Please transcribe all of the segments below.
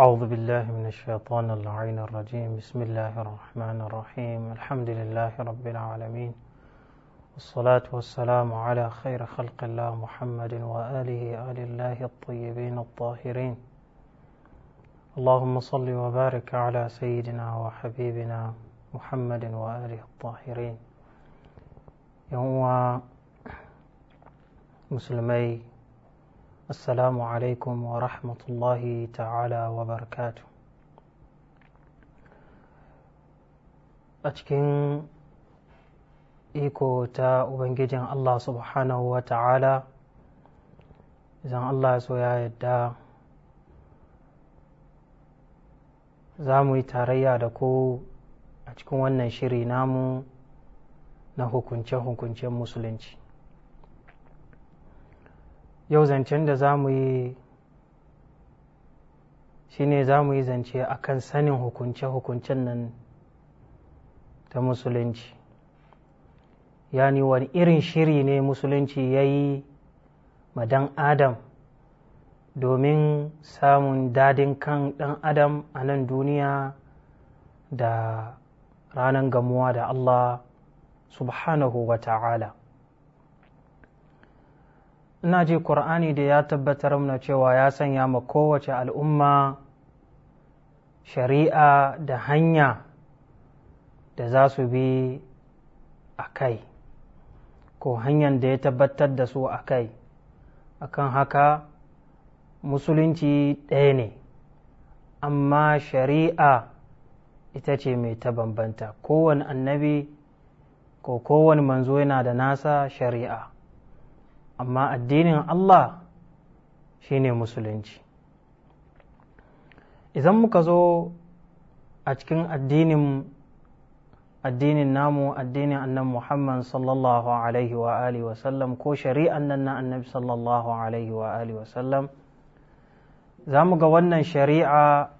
أعوذ بالله من الشيطان اللعين الرجيم بسم الله الرحمن الرحيم الحمد لله رب العالمين والصلاة والسلام على خير خلق الله محمد وآله آل الله الطيبين الطاهرين اللهم صل وبارك على سيدنا وحبيبنا محمد وآله الطاهرين يوم مسلمي assalamu alaikum wa rahmatullahi ta'ala wa barakatu a cikin iko ta ubangijin allah subhanau wata'ala idan allah ya so ya yadda zamuyi tarayya da ku a cikin wannan shiri namu na hukunce-hukuncen musulunci yau zancen da za mu yi shi ne za mu yi zance a kan sanin hukunce-hukuncen nan ta musulunci yani wani irin shiri ne musulunci ya yi madan adam domin samun dadin kan ɗan adam a nan duniya da ranar gamuwa da allah subhanahu wa ta'ala ina ji ƙur'ani da ya tabbatar mana cewa ya sanya ma kowace al'umma shari'a da hanya da za su bi a kai ko hanyar da ya tabbatar da su a kai akan haka musulunci ɗaya ne amma shari'a ita ce mai ta bambanta kowane annabi ko kowane manzo yana da nasa shari'a amma addinin Allah shine musulunci idan muka zo a cikin addinin addinin namu addinin annan muhammad sallallahu alaihi wa alihi wasallam ko shari'an nan na annabi sallallahu alaihi wa alihi wasallam za mu ga wannan shari'a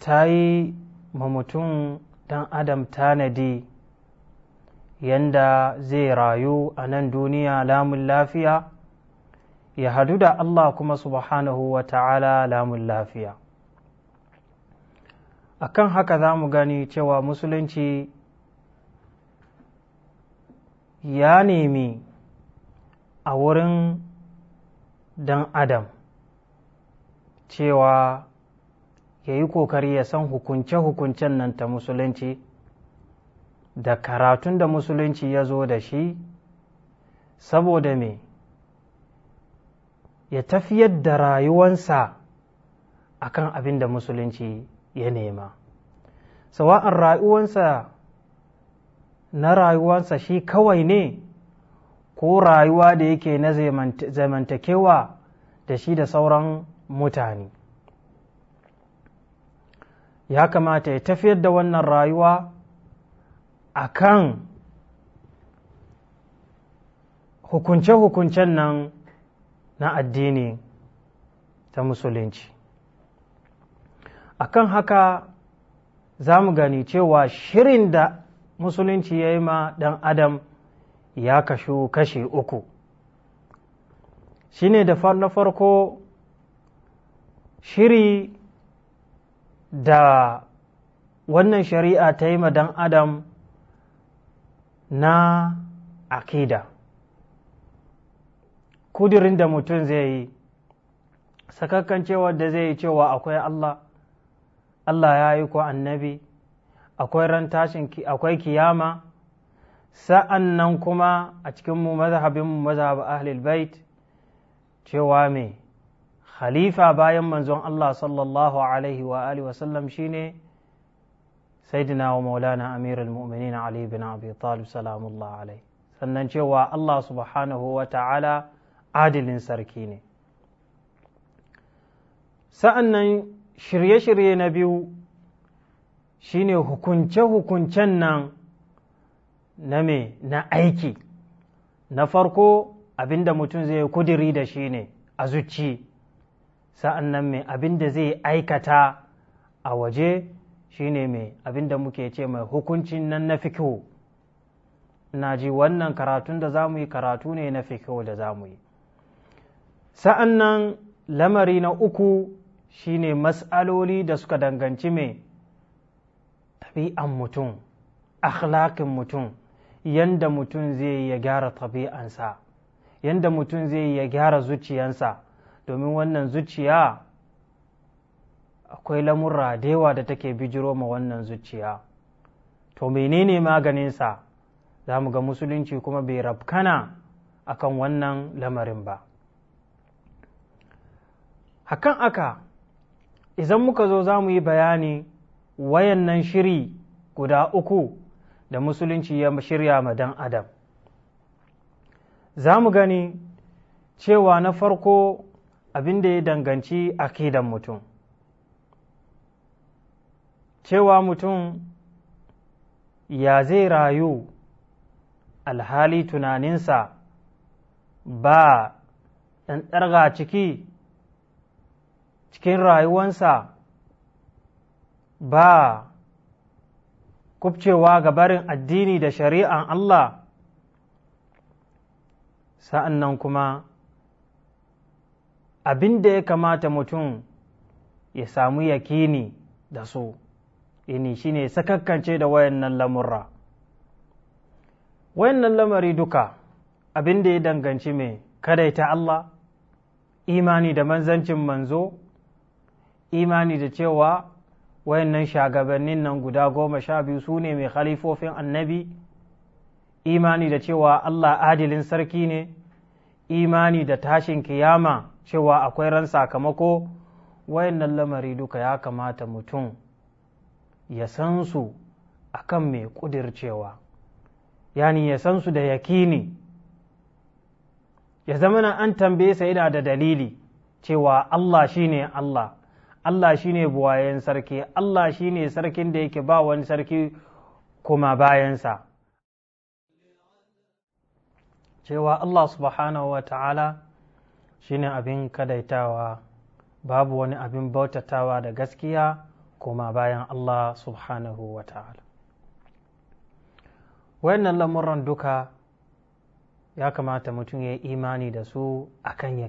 ta yi ma mutum dan adam tanadi yanda zai rayu a nan duniya lamun lafiya ya hadu da Allah kuma subhanahu wa ta'ala lamun lafiya a kan haka za mu gani cewa musulunci ya nemi a wurin dan adam cewa ya yi ƙoƙari ya san hukunce-hukuncen nan ta musulunci da karatun da musulunci ya zo da shi saboda me ya tafiyar da rayuwansa a kan abin da musulunci ya nema sawa'an rayuwansa na rayuwansa shi kawai ne ko rayuwa da yake na zamantakewa da shi da sauran mutane ya kamata ya tafiyar da wannan rayuwa akan hukunce-hukuncen nan na addini ta musulunci akan haka za mu gani cewa shirin da musulunci ya yi ma ɗan adam ya kashu kashi uku shine da na farko shiri da wannan shari'a ta yi ma ɗan adam na akida kudirin da mutum zai yi sakakkan cewa da zai yi cewa akwai Allah Allah ya yi ko annabi akwai ran tashin akwai kiyama sa'an nan kuma a cikinmu mazhabinmu mazhab ahlul bait cewa me khalifa bayan manzon Allah sallallahu alaihi wa alihi wasallam shine saidina wa maulana amirul mu'minin ali bin abi talib salamullah alai sannan cewa Allah subhanahu wa ta'ala adilin sarki ne sa'an nan shirye-shirye na biyu shine hukunce-hukuncen nan na me na aiki na farko abinda mutum zai kudiri da shi ne a zuci sa'an nan me abinda zai aikata a waje shine mai da muke ce mai hukuncin nan na fikihu na ji wannan karatun da za mu yi karatu ne na fikihu da za mu yi sa'an nan lamari na uku shine matsaloli da suka danganci mai tabi'an mutum akhlaqin mutum yanda mutum zai ya gyara tabi'ansa yanda mutum zai ya gyara zuciyansa domin wannan zuciya akwai lamurra da yawa da take bijiro ma wannan zuciya to menene maganinsa za mu ga musulunci kuma bai rafkana akan wannan lamarin ba hakan aka idan muka zo za mu yi bayani wayannan shiri guda uku da musulunci ya shirya ma dan adam za mu gani cewa na farko abin da ya danganci akidan mutum cewa mutum ya zai rayu alhali tunaninsa ba ɗan ɗarga ciki cikin rayuwansa ba kubcewa ga barin addini da shari'an Allah sa'an nan kuma abin da ya kamata mutum ya samu yakini da su ini shine sakakkance da wayannan lamurra wayannan lamari duka abin da ya danganci mai kadaita Allah imani da manzancin manzo imani da cewa wayannan shagabannin nan guda goma sha biyu su ne mai khalifofin annabi imani da cewa Allah adilin sarki ne imani da tashin kiyama cewa akwai ran sakamako wayannan lamari duka ya kamata mutum ya san su akan mai ƙudircewa yani ya san su da yakini ya zama na an tambaye sa yana da dalili cewa Allah shine Allah Allah shine buwayen sarki Allah shine sarkin da yake ba wani sarki kuma bayansa cewa Allah subhanahu wa ta'ala shine abin kadaitawa babu wani abin bautatawa da gaskiya koma bayan Allah subhanahu wa ta'ala wayannan lamuran duka ya kamata mutum ya imani da su akan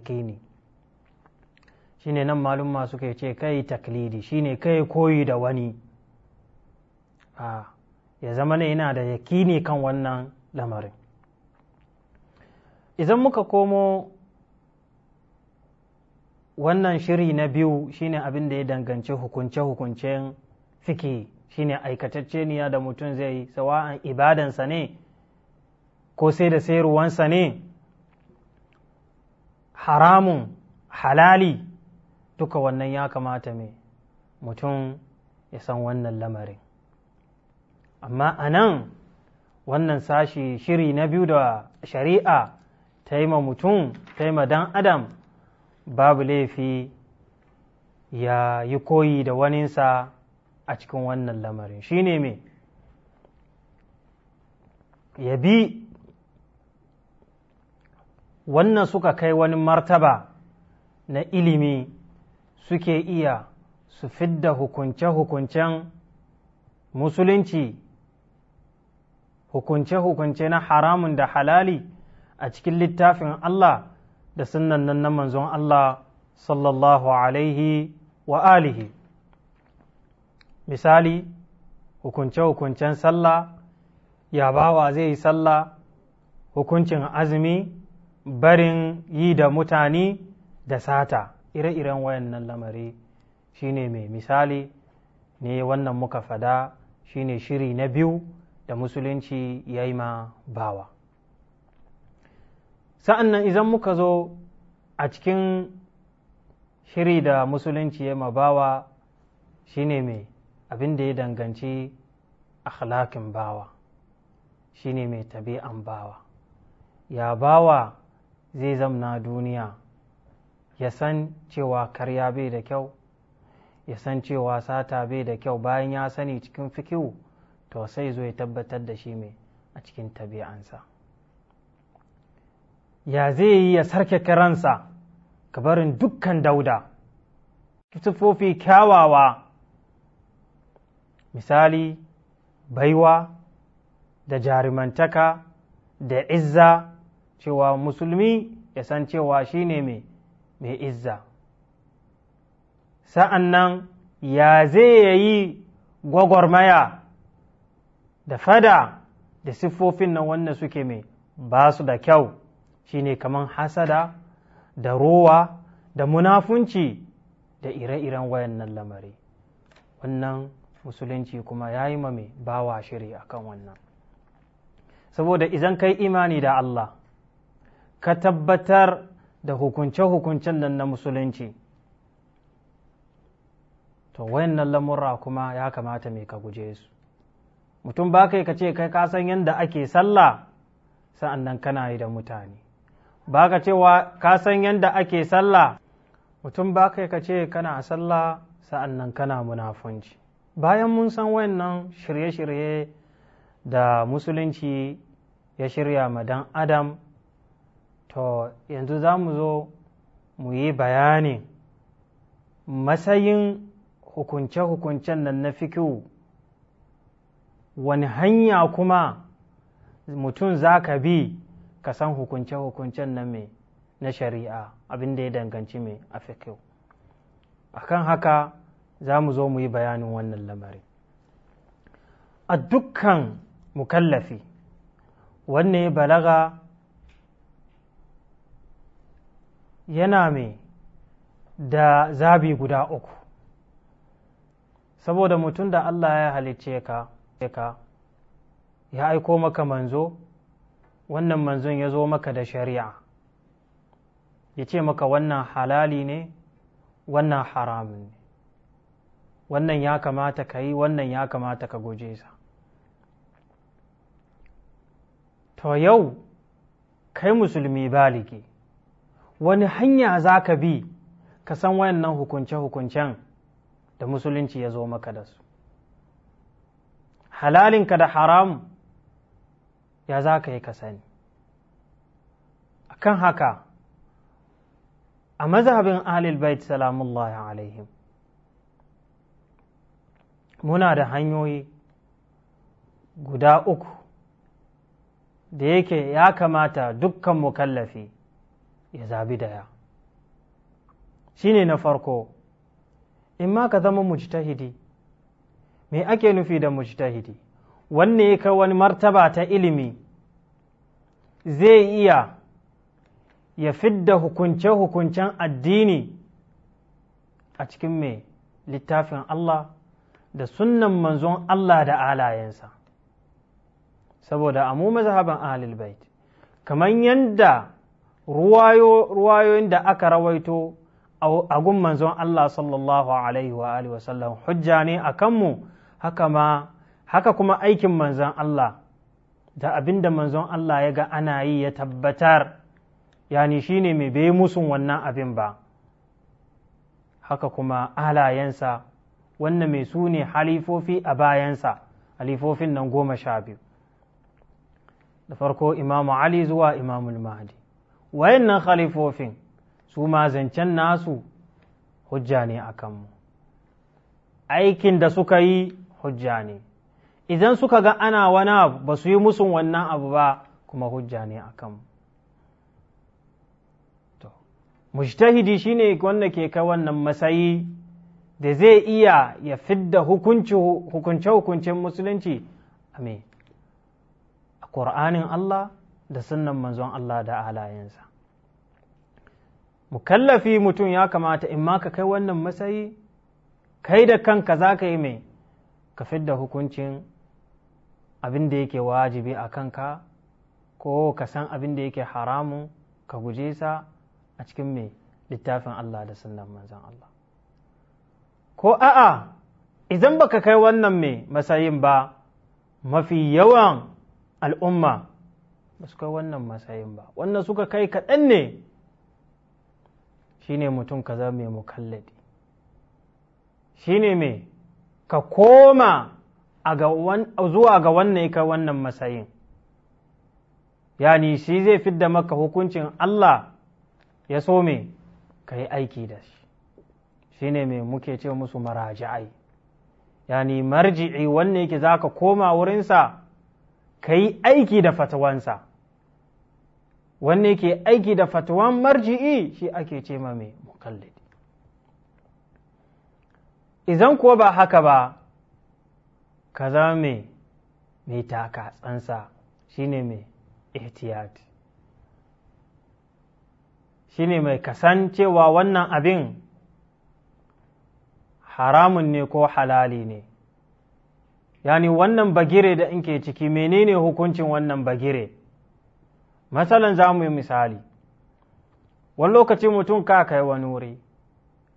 shi ne nan malumma suka ce kai taklidi shi ne kai koyi da wani a ya zama ne yana da yakini kan wannan lamarin idan muka komo wannan shiri na biyu shine abin da ya danganci hukunce-hukuncen fiki shine aikatacceniya da mutum zai yi sawa'an ibadansa ne ko sai da sayarwansa ne haramun halali duka wannan ya kamata mai mutum ya san wannan lamarin amma a nan wannan sashi shiri na biyu da shari'a ta yi ma mutum ta yi ma dan adam babu laifi ya yi koyi da waninsa a cikin wannan lamarin shi ne me ya bi wannan suka kai wani martaba na ilimi suke iya su fidda hukunce-hukuncen musulunci hukunce-hukunce na haramun da halali a cikin littafin Allah da sunan nan na manzon Allah sallallahu alaihi wa alihi misali hukunce-hukuncen sallah ya bawa zai yi sallah hukuncin azumi barin yi da mutane da sata ire-iren wayannan lamari shi ne mai misali ne wannan muka fada ne shiri na biyu da musulunci ya yi ma bawa sa'an nan idan muka zo a cikin shiri da musulunci ya mabawa ne mai abin da ya danganci akhlakin bawa shi ne mai tabi'an bawa ya bawa zai zamna duniya ya san cewa karya bai da kyau ya san cewa sata bai da kyau bayan ya sani cikin fikihu to sai zo ya tabbatar da shi mai a cikin tabi'ansa. ya zai yi ya sarke kiransa ka dukkan dauda siffofi kyawawa misali baiwa da jarumantaka, da izza cewa musulmi ya san cewa shi ne mai izza sa'an nan ya zai yi gwagwarmaya da fada da siffofin nan wanda suke mai ba su da kyau Shi ne kaman hasada da rowa da munafunci da ire-iren wayannan lamari wannan musulunci kuma ya yi mame bawa shiri a kan wannan saboda idan kai imani da Allah ka tabbatar da hukunce-hukuncen nan na musulunci to wayannan lamura kuma ya kamata mai ka guje su mutum ba kai ka ce kai kasan yadda ake sallah sa'an nan kana yi da mutane ba ka cewa ka san yadda ake sallah mutum ba ka ka ce kana sallah sa'an nan kana munafunci bayan mun san wayannan shirye-shirye da musulunci ya shirya ma dan adam to yanzu za mu zo mu yi bayani matsayin hukunce-hukuncen nan na fikiu wani hanya kuma mutum za ka bi ka san hukunce-hukuncen na me na shari'a abin da ya danganci me a a akan haka za mu zo mu yi bayanin wannan lamari a dukkan mukallafi wanne ya balaga yana mai da zabi guda uku saboda mutum da allah ya halicce ka ya aiko maka manzo wannan manzon ya zo maka da shari'a ya ce maka wannan halali ne wannan haramun ne wannan ya kamata ka yi wannan ya kamata ka goje sa to yau kai musulmi baliki wani hanya za ka bi ka san wayannan hukunce-hukuncen da musulunci ya zo maka da su halalinka da haram ya za ka yi ka sani akan haka a mazhabin Bayt bait salamullahi alaihim muna da hanyoyi guda uku da yake ya kamata dukkan mukallafi ya zabi daya ne na farko in ma ka zama mujtahidi me ake nufi da mujtahidi wanne ya kai wani martaba ta ilimi zai iya ya fidda hukunce-hukuncen addini a cikin mai littafin Allah da sunnan manzon Allah da alayensa saboda amu mazhaban ahlul bait kamar yadda ruwayoyin da aka rawaito a gun manzon Allah sallallahu alaihi wa sallam hujja ne a kanmu haka ma haka kuma aikin manzon Allah da abin da manzon Allah ya ga ana yi ya tabbatar yani shi ne mai bai musun wannan abin ba haka kuma alayensa wannan mai su ne halifofi a bayansa halifofin nan goma sha biyu da farko imamu ali zuwa imamu mahdi wayannan halifofin su ma zancen nasu hujja ne a kanmu aikin da suka yi hujja ne idan suka ga ana wani abu ba su yi musu wannan abu ba kuma hujja ne a kan mujtahidi shine wanda ke kai wannan matsayi da zai iya ya fidda hukunce-hukuncen musulunci a a ƙur'anin Allah da sunan manzon Allah da halayensa mukallafi mutum ya kamata in ma ka kai wannan matsayi kai da kanka za ka yi mai ka fidda hukuncin abin da yake wajibi a kanka ko ka san abin da yake haramun ka guje sa a cikin mai littafin Allah da sunan manzan Allah ko a'a idan ba ka kai wannan mai matsayin ba mafi yawan al'umma ba su kai wannan matsayin ba wannan suka kai kaɗan ne shi shine mutum kaza mai shi ne mai ka koma zuwa ga wannan ya kai wannan matsayin yani shi zai fidda maka hukuncin Allah ya so me ka yi aiki da shi shi ne mai muke ce musu maraji'ai yani marji'i wanne yake za ka koma wurinsa ka yi aiki da fatawansa wanne ke aiki da fatawan marji'i shi ake ce ma mai mukallidi idan kuwa ba haka ba kaza zama mai mai taka tsansa shine mai ihtiyat shine mai kasancewa wannan abin haramun ne ko halali ne yani wannan bagire da in ke ciki menene hukuncin wannan bagire matsalan za mu yi misali wani lokaci mutum ka kai wani wuri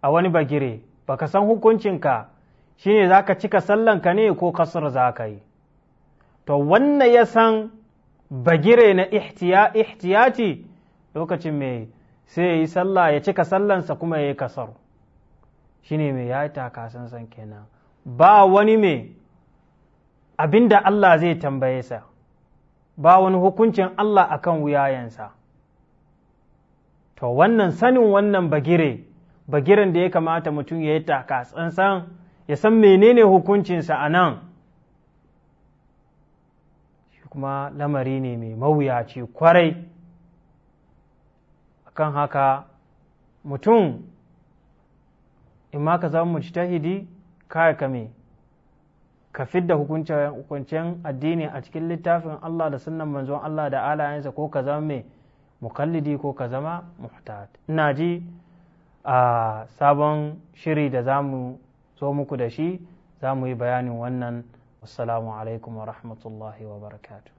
a wani bagire baka san hukuncinka ne za ka cika sallanka ne ko kasar za ka yi to wannan ya san bagire na ihtiyaci lokacin mai sai ya yi sallah ya cika sallansa kuma ya yi kasar ne mai ya yi san kenan ba wani mai abinda Allah zai tambaye sa ba wani hukuncin Allah akan wuyayensa to wannan sanin wannan bagire bagiren da ya kamata mutum ya yi san ya san menene hukuncinsa a nan kuma lamari ne mai mawuyaci kwarai akan haka mutum in ma ka zama mujtahidi kai ka me ka fidda hukuncin addini a cikin littafin Allah da sunnan manzon Allah da alayensa ko ka zama mai mukallidi ko ka zama muhtad ina ji a sabon shiri da zamu so muku da shi za mu yi bayanin wannan assalamu alaikum wa rahmatullahi wa barakatu